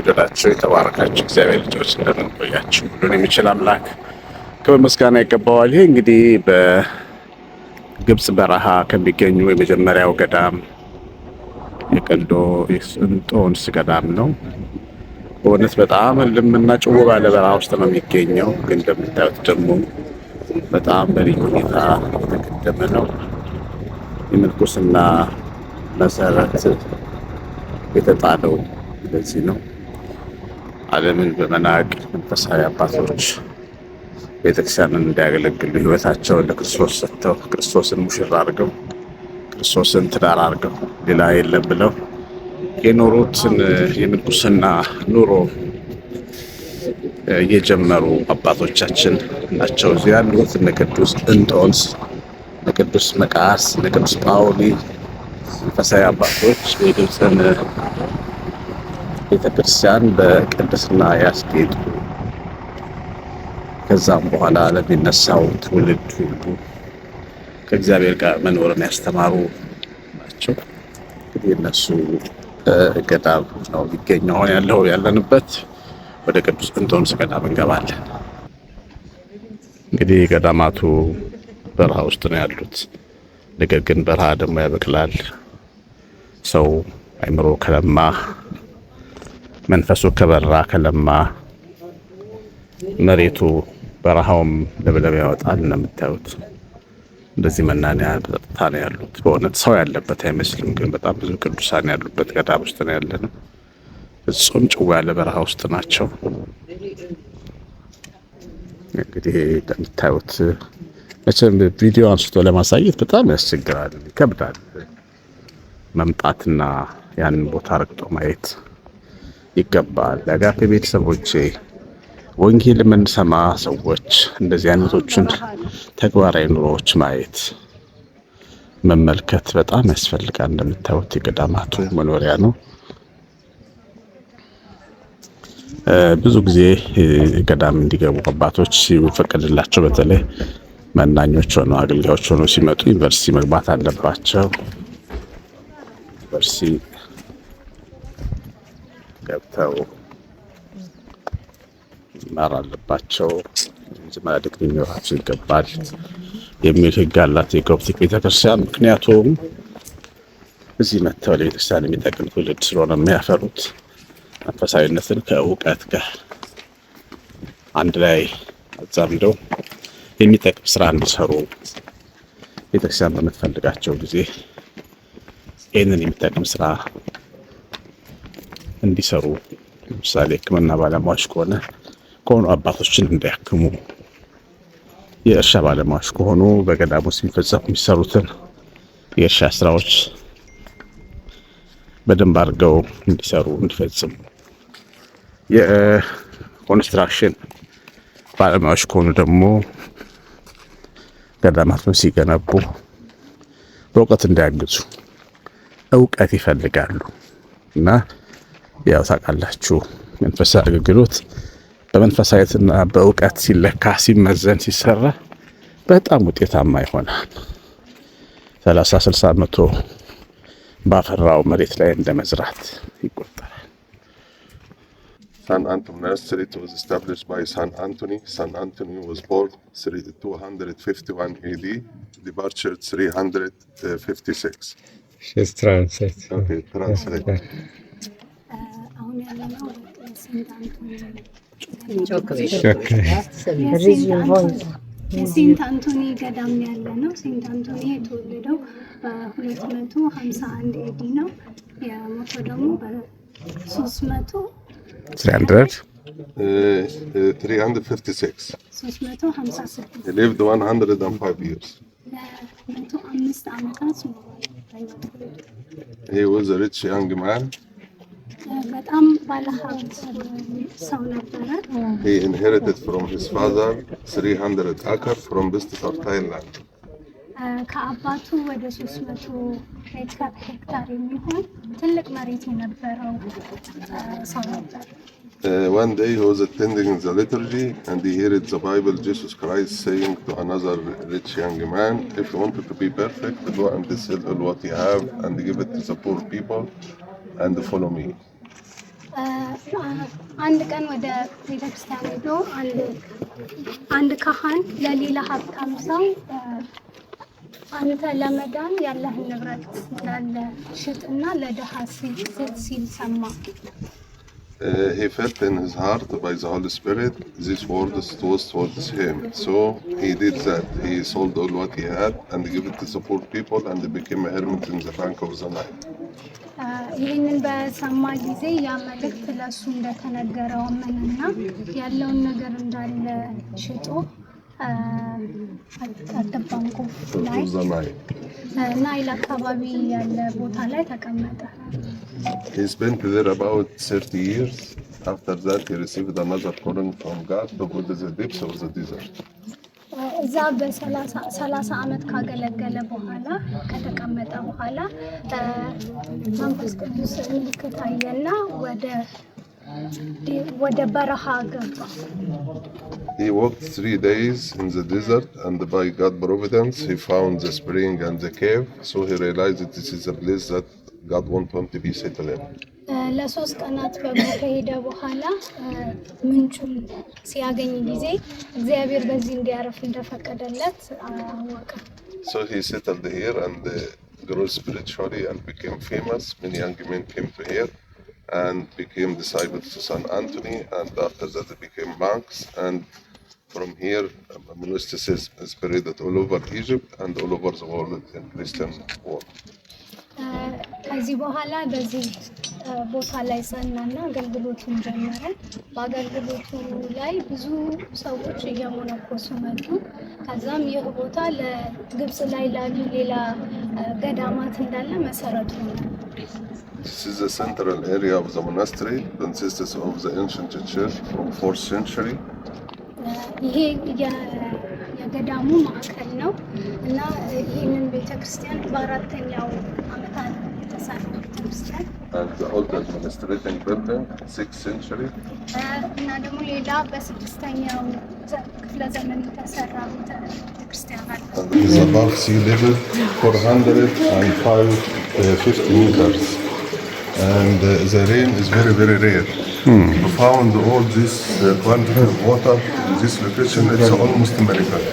የተወደዳቸው የተባረካቸው እግዚአብሔር ልጆች እንደምንቆያቸው ሁሉን የሚችል አምላክ ክብር ምስጋና ይገባዋል። ይሄ እንግዲህ በግብፅ በረሃ ከሚገኙ የመጀመሪያው ገዳም የቀንዶንስ ገዳም ነው። በእውነት በጣም ልምና ጭው ባለ በረሃ ውስጥ ነው የሚገኘው። ግን እንደምታዩት ደግሞ በጣም በልዩ ሁኔታ የተቀደመ ነው። የምንኩስና መሰረት የተጣለው ለዚህ ነው። ዓለምን በመናቅ መንፈሳዊ አባቶች ቤተክርስቲያንን እንዲያገለግሉ ህይወታቸውን ለክርስቶስ ሰጥተው ክርስቶስን ሙሽራ አድርገው ክርስቶስን ትዳር አድርገው ሌላ የለም ብለው የኖሩትን የምንኩስና ኑሮ የጀመሩ አባቶቻችን ናቸው። እዚህ ያሉት እነ ቅዱስ እንጦንስ፣ እነ ቅዱስ መቃርስ፣ እነ ቅዱስ ጳውሊ መንፈሳዊ አባቶች የግብፅን ቤተክርስቲያን በቅድስና ያስጌጡ ከዛም በኋላ ለሚነሳው ትውልድ ሁሉ ከእግዚአብሔር ጋር መኖርን ያስተማሩ ናቸው። እንግዲህ እነሱ ገዳም ነው የሚገኘው። አሁን ያለው ያለንበት ወደ ቅዱስ እንጦንስ ገዳም እንገባለን። እንግዲህ ገዳማቱ በረሃ ውስጥ ነው ያሉት። ነገር ግን በረሃ ደግሞ ያበቅላል። ሰው አይምሮ ከለማ መንፈሱ ከበራ ከለማ መሬቱ በረሃውም ለብለብ ያወጣል ነው የምታዩት። እንደዚህ መናንያ ጸጥታ ነው ያሉት። በእውነት ሰው ያለበት አይመስልም፣ ግን በጣም ብዙ ቅዱሳን ያሉበት ገዳም ውስጥ ነው ያለ ነው። ፍጹም ጭዋ ያለ በረሃ ውስጥ ናቸው። እንግዲህ እንደምታዩት መቼም ቪዲዮ አንስቶ ለማሳየት በጣም ያስቸግራል፣ ይከብዳል መምጣትና ያንን ቦታ ረግጦ ማየት ይገባል። ለጋፌ ቤተሰቦቼ ወንጌል የምንሰማ ሰዎች እንደዚህ አይነቶቹን ተግባራዊ ኑሮዎች ማየት መመልከት በጣም ያስፈልጋል። እንደምታዩት የገዳማቱ መኖሪያ ነው። ብዙ ጊዜ ገዳም እንዲገቡ አባቶች ሲፈቀድላቸው በተለይ መናኞች ሆኖ አገልጋዮች ሆኖ ሲመጡ ዩኒቨርሲቲ መግባት አለባቸው። ዩኒቨርሲቲ ገብተው መማር አለባቸው። መጀመሪያ ዲግሪ ሊኖራቸው ይገባል የሚል ህግ አላት የኮፕቲክ ቤተክርስቲያን። ምክንያቱም እዚህ መጥተው ለቤተክርስቲያን የሚጠቅም ትውልድ ስለሆነ የሚያፈሩት መንፈሳዊነትን ከእውቀት ጋር አንድ ላይ አዛምደው የሚጠቅም ስራ እንዲሰሩ ቤተክርስቲያን በምትፈልጋቸው ጊዜ ይህንን የሚጠቅም ስራ እንዲሰሩ ለምሳሌ ሕክምና ባለሙያዎች ከሆነ ከሆኑ አባቶችን እንዲያክሙ፣ የእርሻ ባለሙያዎች ከሆኑ በገዳም ውስጥ የሚፈጸሙ የሚሰሩትን የእርሻ ስራዎች በደንብ አድርገው እንዲሰሩ እንዲፈጽሙ፣ የኮንስትራክሽን ባለሙያዎች ከሆኑ ደግሞ ገዳማቱን ሲገነቡ በእውቀት እንዲያግዙ እውቀት ይፈልጋሉ እና ያው ታውቃላችሁ መንፈሳዊ አገልግሎት በመንፈሳዊትና በእውቀት ሲለካ ሲመዘን ሲሰራ በጣም ውጤታማ ይሆናል። ሰላሳ ስልሳ መቶ ባፈራው መሬት ላይ እንደ መዝራት ይቆጠራል። ሴንት አንቶኒ ገዳም ያለ ነው። ሴንት አንቶኒ የተወለደው ሁለት መቶ ሀምሳ አንድ ኤዲ ነው። የሞተው ደግሞ በሶስት መቶ ሶስት መቶ ሀምሳ ስድስት he inherited from his father 300 acres from Business of Thailand ከአባቱ ወደ 300 ሄክታር የሚሆን ትልቅ መሬት የነበረው ሰው ነበር። one day he was attending the liturgy and he heard the Bible Jesus Christ saying to another rich young man, if you wanted to be perfect, go and sell all what you have and give it to the poor people and follow me. አንድ ቀን ወደ ቤተክርስቲያን ሄዶ አንድ ካህን ለሌላ ሀብታም ሰው አንተ ለመዳን ያለህን ንብረት እንዳለ ሽጥና ለድሃ ስጥ ሲል ሰማ። he felt in his heart by the Holy Spirit these words was towards him. So he did that. He sold all what he had and gave it to the poor people and became a hermit in the bank of the night. ይህንን በሰማ ጊዜ ያ መልእክት ለእሱ እንደተነገረው ምንና ያለውን ነገር እንዳለ ሽጦ አደባንቆ ላይ ናይል አካባቢ ያለ ቦታ ላይ ተቀመጠ። After that, he received another calling from God to go to the of the desert. እዛ በሰላሳ ዓመት ካገለገለ በኋላ ከተቀመጠ በኋላ መንፈስ ቅዱስ ምልክት አየና ወደ ወደ በረሃ ገባ። He walked three days in the desert and by God's providence he found the spring and the cave so he realized that this is a place that God wants him to be settled in. So he settled here and grew spiritually and became famous. Many young men came to here and became disciples of Saint Anthony and after that they became monks and from here monasticism um, spread all over Egypt and all over the world in Christian world. Uh, ቦታ ላይ ጸናና አገልግሎቱን ጀመረ። በአገልግሎቱ ላይ ብዙ ሰዎች እየሞነኮሱ መጡ። ከዛም ይህ ቦታ ለግብፅ ላይ ላሉ ሌላ ገዳማት እንዳለ መሰረቱ ነው። ይሄ የገዳሙ ማዕከል ነው እና ይህንን ቤተክርስቲያን በአራተኛው ዓመታት And the oldest administrating building, 6th century. እና And it is above sea level, 450 meters. And uh, the rain is very, very rare. Hmm. We found all this uh, quantity of water in this location. It's almost a miracle.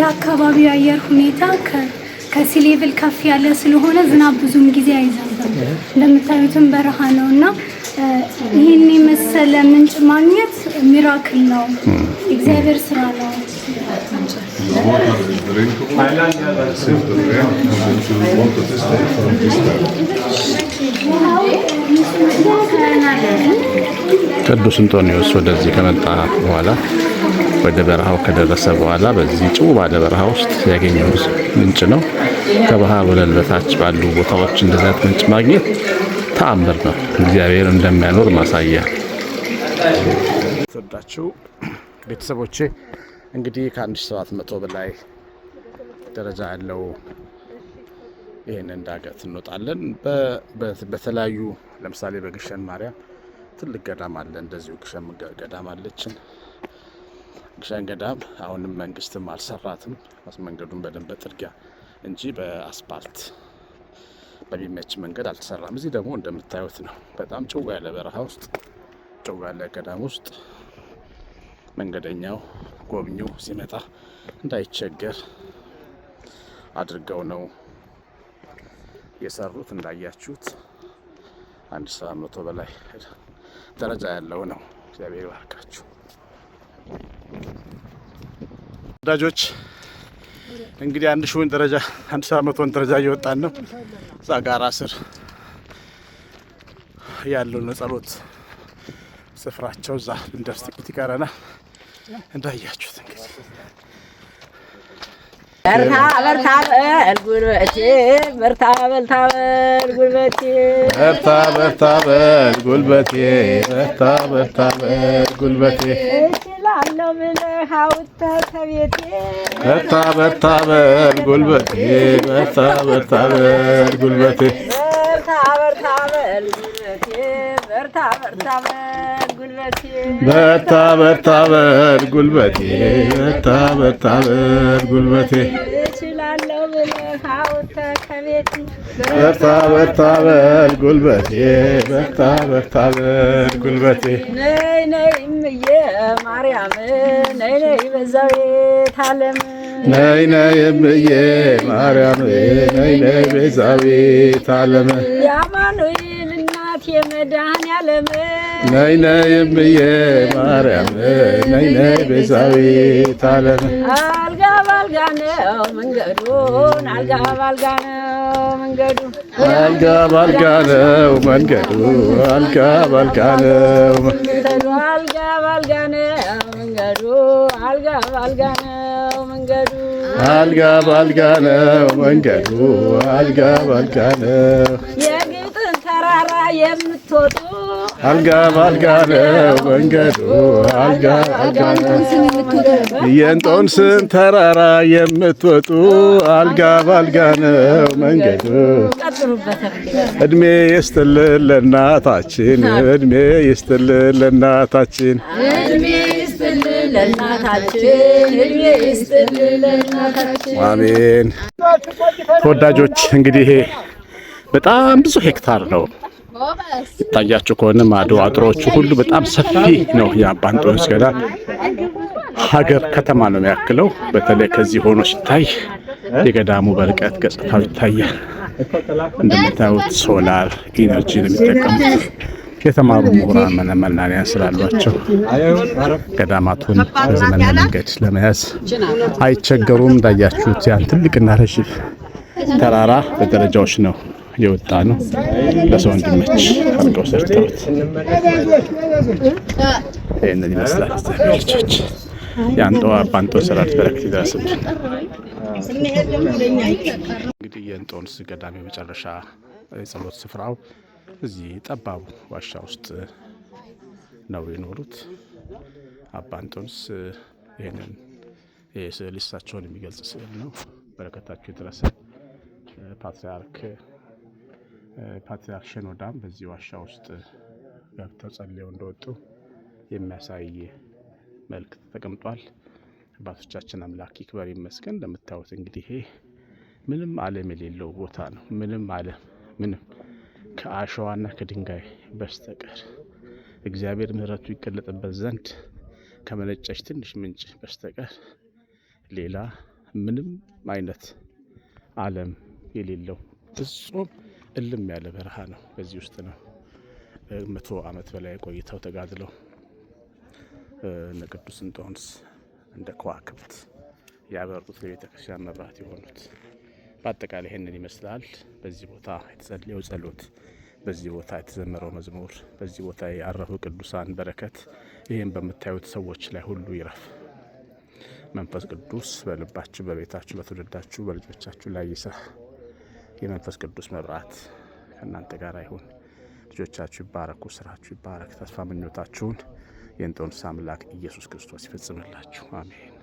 የአካባቢው አየር ከሲ ከፍ ያለ ስለሆነ ዝናብ ብዙም ጊዜ አይዘንብም። እንደምታዩትም በረሃ ነው እና ይህን የመሰለ ምንጭ ማግኘት ሚራክል ነው፣ እግዚአብሔር ስራ ነው። ቅዱስ እንጦንዮስ ወደዚህ ከመጣ በኋላ ወደ በረሃው ከደረሰ በኋላ በዚህ ጭው ባለ በረሃ ውስጥ ያገኘው ምንጭ ነው። ከባህር ወለል በታች ባሉ ቦታዎች እንደዚህ ምንጭ ማግኘት ተአምር ነው፣ እግዚአብሔር እንደሚያኖር ማሳያ። ተወዳችሁ ቤተሰቦቼ እንግዲህ ከ1700 በላይ ደረጃ ያለው ይህንን ዳገት እንወጣለን። በተለያዩ ለምሳሌ በግሸን ማርያም ትልቅ ገዳም አለ፣ እንደዚሁ ግሸን ገዳም አለችን። ግሸን ገዳም አሁንም መንግስትም አልሰራትም። መንገዱን በደንብ በጥርጊያ እንጂ በአስፓልት በሚመች መንገድ አልተሰራም። እዚህ ደግሞ እንደምታዩት ነው። በጣም ጭው ያለ በረሃ ውስጥ ጭው ያለ ገዳም ውስጥ መንገደኛው ጎብኚው ሲመጣ እንዳይቸገር አድርገው ነው የሰሩት። እንዳያችሁት አንድ ሰባ መቶ በላይ ደረጃ ያለው ነው። እግዚአብሔር ይባርካችሁ። ወዳጆች እንግዲህ አንድ ሺውን ደረጃ አንድ ሺህ መቶን ደረጃ እየወጣን ነው። እዛ ጋራ ስር ያለው ለጸሎት ስፍራቸው እዛ ልንደርስ ጥቂት ይቀረና እንዳያችሁት እንግዲህ በርታ በርታ በል ጉልበቴ በርታ በልታ በል ጉልበቴ በርታ በርታ በል ጉልበቴ በርታ በርታ በል ጉልበቴ ብለህ አውጥተህ ከቤቴ ጉልበቴ በርታ ጉልበቴ በርታ በርታ በል ጉልበቴ በርታ በርታ በል ጉልበቴ በርታ በርታ በል ጉልበቴ በርታ በርታ በል ጉልበቴ በርታ በርታ በል ጉልበቴ በርታ በርታ በል ጉልበቴ ነይ ነይ እምዬ ማርያም ነይ ነይ ቤዛዊት ዓለም ነይ ነይ እምዬ ማርያም ነይ ነይ ቤዛዊት ዓለም የአማኑኤል እናት የመድኃኔዓለም ነይ ነይ እምዬ ማርያም ነይ ነይ ቤዛዊት ዓለም ባልጋ ነው መንገዱ አልጋ ባልጋ ነው መንገዱ አልጋ ባልጋ ነው መንገዱ አልጋ ባልጋ ነው መንገዱ አልጋ ባልጋ ነው መንገዱ አልጋ ባልጋ ነው መንገዱ አልጋ ባልጋ ነው መንገዱ አልጋ ባልጋ ነው የግጥን ተራራ የምትወጡ አልጋ በአልጋ ነው መንገዱ አልጋ አልጋ የእንጦንስን ተራራ የምትወጡ አልጋ በአልጋ ነው መንገዱ። እድሜ ይስጥልን ለእናታችን፣ እድሜ ይስጥልን ለእናታችን አሜን። ተወዳጆች እንግዲህ ይሄ በጣም ብዙ ሄክታር ነው። ይታያችሁ ከሆነ ማዶ አጥሮቹ ሁሉ በጣም ሰፊ ነው። የአባንጦንስ ገዳም ሀገር ከተማ ነው የሚያክለው። በተለይ ከዚህ ሆኖ ሲታይ የገዳሙ በርቀት ገጽታው ይታያል። እንደምታዩት ሶላር ኢነርጂ ነው የሚጠቀሙት። የተማሩ ምሁራን መናንያን ስላሏቸው ገዳማቱን በዘመናዊ መንገድ ለመያዝ አይቸገሩም። እንዳያችሁት ያን ትልቅና ረዥም ተራራ በደረጃዎች ነው የወጣ ነው። ለሰው እንዲመች አድርገው ሰርተውት ይህንን ይመስላል። ዛቤልቾች የአንጠዋ አባንጦ ስራት በረከት ይድረስብን። እንግዲህ የእንጦን ገዳም የመጨረሻ የጸሎት ስፍራው እዚህ ጠባቡ ዋሻ ውስጥ ነው የኖሩት። አባ እንጦንስ ይህንን ስዕል እሳቸውን የሚገልጽ ስዕል ነው። በረከታቸው የደረሰ ፓትርያርክ ፓትርያርክ ሸኖዳም በዚህ ዋሻ ውስጥ ገብተው ጸልየው እንደወጡ የሚያሳይ መልክ ተቀምጧል። አባቶቻችን አምላክ ይክበር ይመስገን። እንደምታዩት እንግዲህ ይሄ ምንም ዓለም የሌለው ቦታ ነው። ምንም ዓለም ምንም ከአሸዋና ከድንጋይ በስተቀር እግዚአብሔር ምሕረቱ ይገለጥበት ዘንድ ከመነጨች ትንሽ ምንጭ በስተቀር ሌላ ምንም አይነት ዓለም የሌለው ፍጹም እልም ያለ በረሃ ነው። በዚህ ውስጥ ነው መቶ ዓመት በላይ ቆይተው ተጋድለው እነ ቅዱስ እንጦንስ እንደ ከዋክብት ያበሩት ለቤተ ክርስቲያን መብራት የሆኑት በአጠቃላይ ይህንን ይመስላል። በዚህ ቦታ የተጸለየው ጸሎት፣ በዚህ ቦታ የተዘመረው መዝሙር፣ በዚህ ቦታ ያረፉ ቅዱሳን በረከት ይህም በምታዩት ሰዎች ላይ ሁሉ ይረፍ። መንፈስ ቅዱስ በልባችሁ፣ በቤታችሁ፣ በትውልዳችሁ፣ በልጆቻችሁ ላይ ይስራ። የመንፈስ ቅዱስ መብራት ከእናንተ ጋር ይሁን። ልጆቻችሁ ይባረኩ፣ ስራችሁ ይባረክ። ተስፋ ምኞታችሁን የእንጦንስ አምላክ ኢየሱስ ክርስቶስ ይፈጽምላችሁ። አሜን።